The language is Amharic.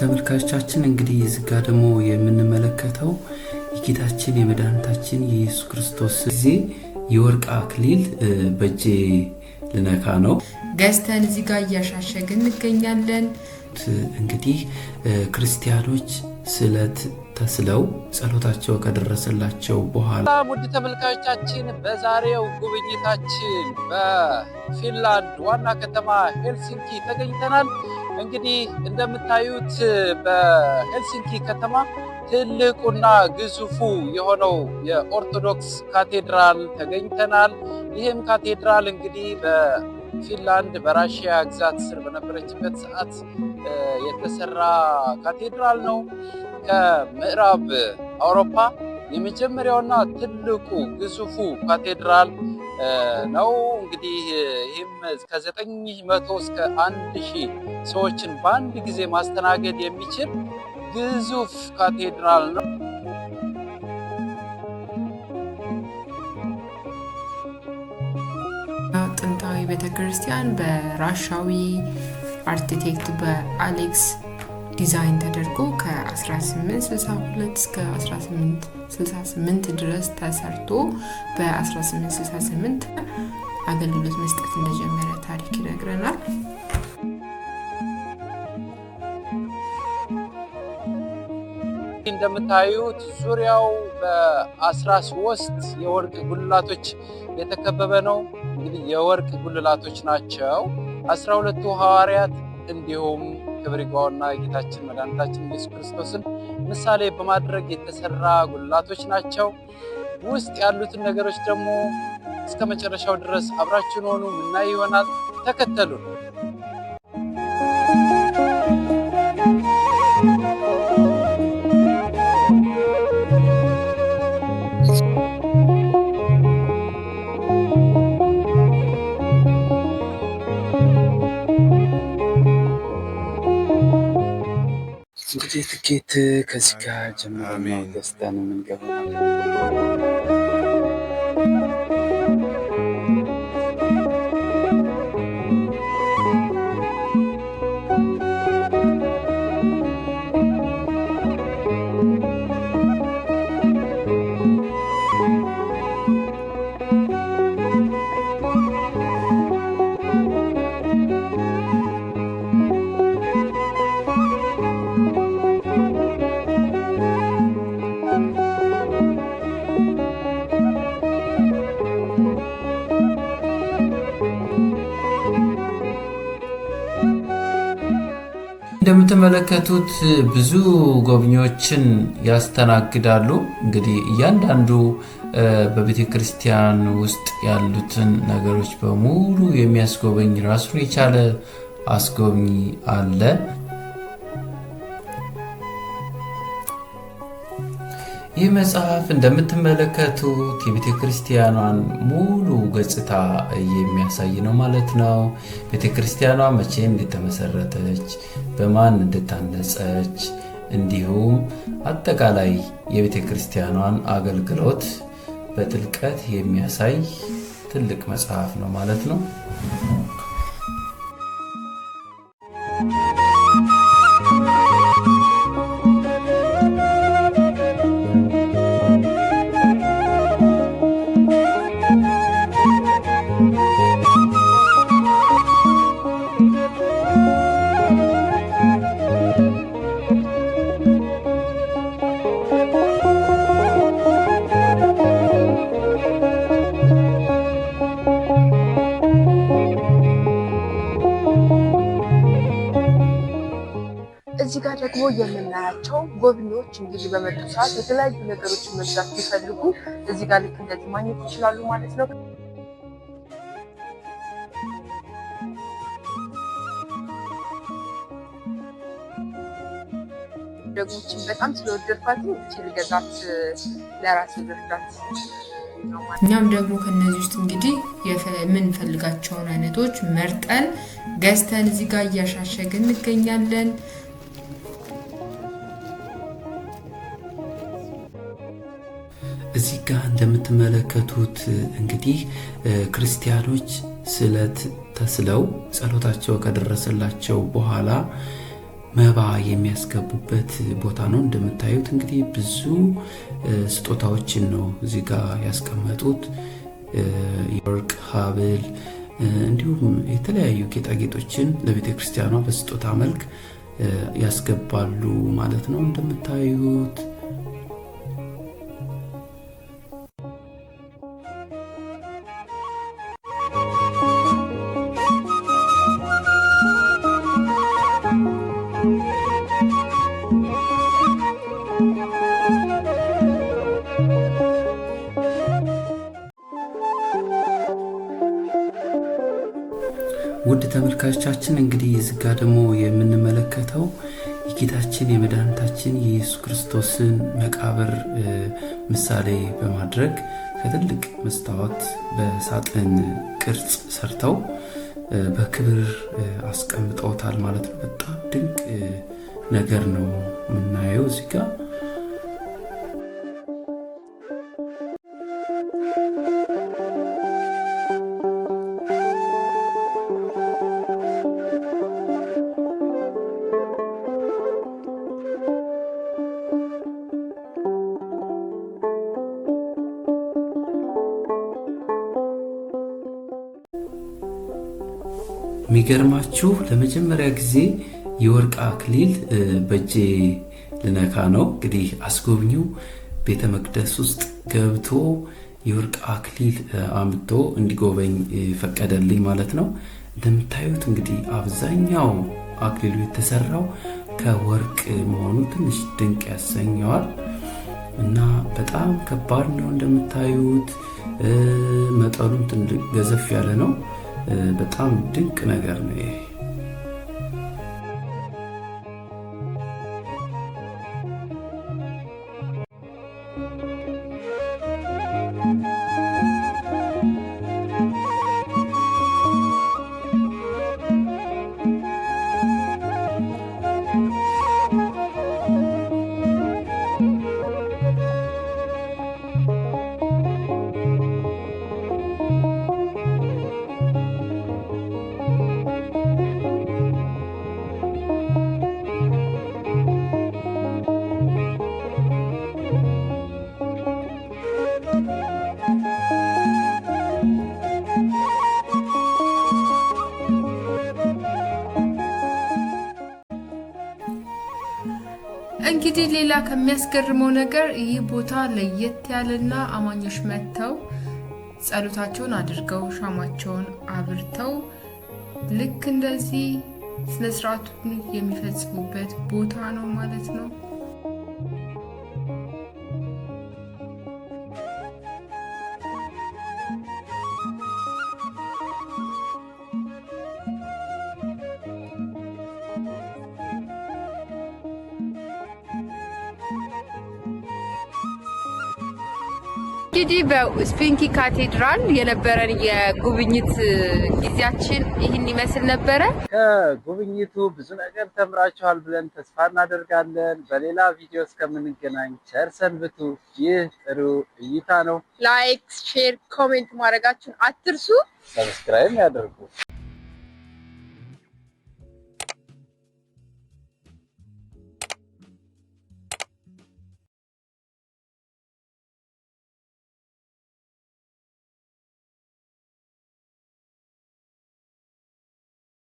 ተመልካቾቻችን እንግዲህ እዚህ ጋ ደግሞ የምንመለከተው የጌታችን የመድኃኒታችን የኢየሱስ ክርስቶስ ጊዜ የወርቅ አክሊል በእጄ ልነካ ነው ገዝተን እዚህ ጋር እያሻሸግ እንገኛለን። እንግዲህ ክርስቲያኖች ስለት ተስለው ጸሎታቸው ከደረሰላቸው በኋላ ሰላም ውድ በዛሬው ጉብኝታችን በፊንላንድ ዋና ከተማ ሄልሲንኪ ተገኝተናል። እንግዲህ እንደምታዩት በሄልሲንኪ ከተማ ትልቁና ግዙፉ የሆነው የኦርቶዶክስ ካቴድራል ተገኝተናል። ይህም ካቴድራል እንግዲህ በፊንላንድ በራሽያ ግዛት ስር በነበረችበት ሰዓት የተሰራ ካቴድራል ነው። ከምዕራብ አውሮፓ የመጀመሪያውና ትልቁ ግዙፉ ካቴድራል ነው። እንግዲህ ይህም ከዘጠኝ መቶ እስከ አንድ ሺህ ሰዎችን በአንድ ጊዜ ማስተናገድ የሚችል ግዙፍ ካቴድራል ነው። ጥንታዊ ቤተክርስቲያን በራሻዊ አርቲቴክት በአሌክስ ዲዛይን ተደርጎ ከ1862 እስከ 1868 ድረስ ተሰርቶ በ1868 አገልግሎት መስጠት እንደጀመረ ታሪክ ይነግረናል። እንደምታዩት ዙሪያው በ13 የወርቅ ጉልላቶች የተከበበ ነው። እንግዲህ የወርቅ ጉልላቶች ናቸው። 12ቱ ሐዋርያት እንዲሁም ክብር ይግባውና ጌታችን መድኃኒታችን ኢየሱስ ክርስቶስን ምሳሌ በማድረግ የተሰራ ጉልላቶች ናቸው። ውስጥ ያሉትን ነገሮች ደግሞ እስከ መጨረሻው ድረስ አብራችሁን ሆኑ ምናይ ይሆናል። ተከተሉን። እንግዲህ ትኬት ከዚህ ጋር ጀምሮ ደስታን የምንገባ እንደምትመለከቱት ብዙ ጎብኚዎችን ያስተናግዳሉ። እንግዲህ እያንዳንዱ በቤተ ክርስቲያን ውስጥ ያሉትን ነገሮች በሙሉ የሚያስጎበኝ ራሱን የቻለ አስጎብኚ አለ። ይህ መጽሐፍ እንደምትመለከቱት የቤተ ክርስቲያኗን ሙሉ ገጽታ የሚያሳይ ነው ማለት ነው። ቤተ ክርስቲያኗ መቼ እንደተመሰረተች፣ በማን እንደታነጸች እንዲሁም አጠቃላይ የቤተ ክርስቲያኗን አገልግሎት በጥልቀት የሚያሳይ ትልቅ መጽሐፍ ነው ማለት ነው። ደግሞ የምናያቸው ጎብኚዎች እንግዲህ በመጡ ሰዓት የተለያዩ ነገሮችን መግዛት ሲፈልጉ እዚህ ጋር ልክ እንደዚህ ማግኘት ይችላሉ ማለት ነው። ደግሞችን በጣም ስለወደድኳት ልገዛት ለራሴ ልርዳት። እኛም ደግሞ ከነዚህ ውስጥ እንግዲህ የምንፈልጋቸውን አይነቶች መርጠን ገዝተን እዚህ ጋር እያሻሸግን እንገኛለን። እዚህ ጋር እንደምትመለከቱት እንግዲህ ክርስቲያኖች ስለት ተስለው ጸሎታቸው ከደረሰላቸው በኋላ መባ የሚያስገቡበት ቦታ ነው። እንደምታዩት እንግዲህ ብዙ ስጦታዎችን ነው እዚህ ጋር ያስቀመጡት። የወርቅ ሀብል እንዲሁም የተለያዩ ጌጣጌጦችን ለቤተ ክርስቲያኗ በስጦታ መልክ ያስገባሉ ማለት ነው እንደምታዩት ውድ ተመልካቾቻችን እንግዲህ እዚህ ጋ ደግሞ የምንመለከተው የጌታችን የመድኃኒታችን የኢየሱስ ክርስቶስን መቃብር ምሳሌ በማድረግ ከትልቅ መስታወት በሳጥን ቅርጽ ሰርተው በክብር አስቀምጠውታል ማለት ነው። በጣም ድንቅ ነገር ነው የምናየው እዚህ ጋር የሚገርማችሁ ለመጀመሪያ ጊዜ የወርቅ አክሊል በእጄ ልነካ ነው። እንግዲህ አስጎብኚው ቤተ መቅደስ ውስጥ ገብቶ የወርቅ አክሊል አምጥቶ እንዲጎበኝ ፈቀደልኝ ማለት ነው። እንደምታዩት እንግዲህ አብዛኛው አክሊሉ የተሰራው ከወርቅ መሆኑ ትንሽ ድንቅ ያሰኘዋል እና በጣም ከባድ ነው። እንደምታዩት መጠኑም ትልቅ ገዘፍ ያለ ነው። በጣም ድንቅ ነገር ነው ይሄ። ሌላ ከሚያስገርመው ነገር ይህ ቦታ ለየት ያለና አማኞች መጥተው ጸሎታቸውን አድርገው ሻማቸውን አብርተው ልክ እንደዚህ ስነስርዓቱን የሚፈጽሙበት ቦታ ነው ማለት ነው። እንግዲህ በስፒንኪ ካቴድራል የነበረን የጉብኝት ጊዜያችን ይህን ይመስል ነበረ። ከጉብኝቱ ብዙ ነገር ተምራችኋል ብለን ተስፋ እናደርጋለን። በሌላ ቪዲዮ እስከምንገናኝ ቸር ሰንብቱ። ይህ ጥሩ እይታ ነው። ላይክ፣ ሼር፣ ኮሜንት ማድረጋችሁን አትርሱ። ሰብስክራይብ ያደርጉ።